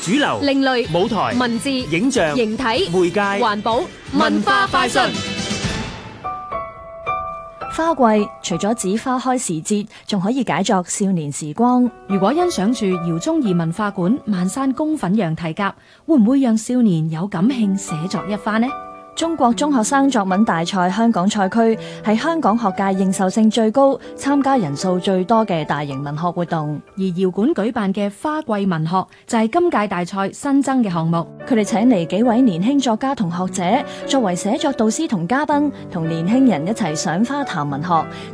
主流、另類舞台、文字、影像、形體、媒介、環保、文化、快訊。花季除咗指花開時節，仲可以解作少年時光。如果欣賞住瑤中儀文化館《萬山公粉羊蹄甲》，會唔會讓少年有感興寫作一番呢？中國中學生作文大賽香港賽區係香港學界認受性最高、參加人數最多嘅大型文學活動。而姚館舉辦嘅花季文學就係、是，今屆大賽新增嘅項目。佢哋請嚟幾位年輕作家同學者作為寫作導師同嘉賓，同年輕人一齊賞花談文學。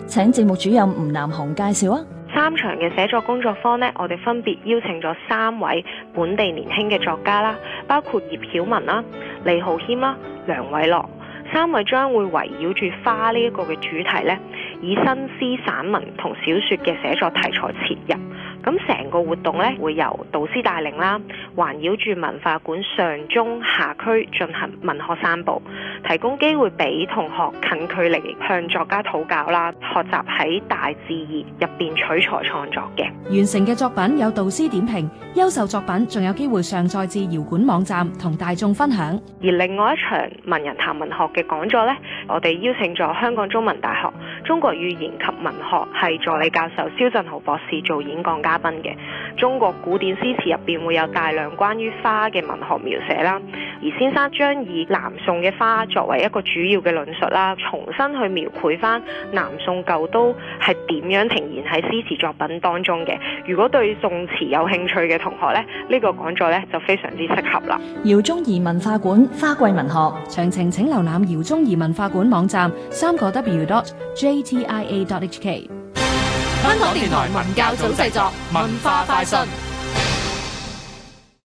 請節目主任吳南紅介紹啊。三場嘅寫作工作坊呢，我哋分別邀請咗三位本地年輕嘅作家啦，包括葉曉文啦、李浩謙啦。梁偉樂三位將會圍繞住花呢一個嘅主題咧，以新詩、散文同小說嘅寫作題材切入。咁成個活動咧，會由導師帶領啦，環繞住文化館上中下區進行文學散步。提供機會俾同學近距離向作家討教啦，學習喺大自然入邊取材創作嘅，完成嘅作品有導師點評，優秀作品仲有機會上載至搖滾網站同大眾分享。而另外一場文人談文學嘅講座呢，我哋邀請咗香港中文大學。中國語言及文學系助理教授蕭振豪博士做演講嘉賓嘅。中國古典詩詞入邊會有大量關於花嘅文學描寫啦，而先生將以南宋嘅花作為一個主要嘅論述啦，重新去描繪翻南宋舊都係點樣呈現喺詩詞作品當中嘅。如果對宋詞有興趣嘅同學呢，呢、呢個講座呢就非常之適合啦。饒宗頤文化館花季文學詳情，請瀏覽饒宗頤文化館網站，三個 w dot j atia.hk，香港電台文教組製作《文化快訊》。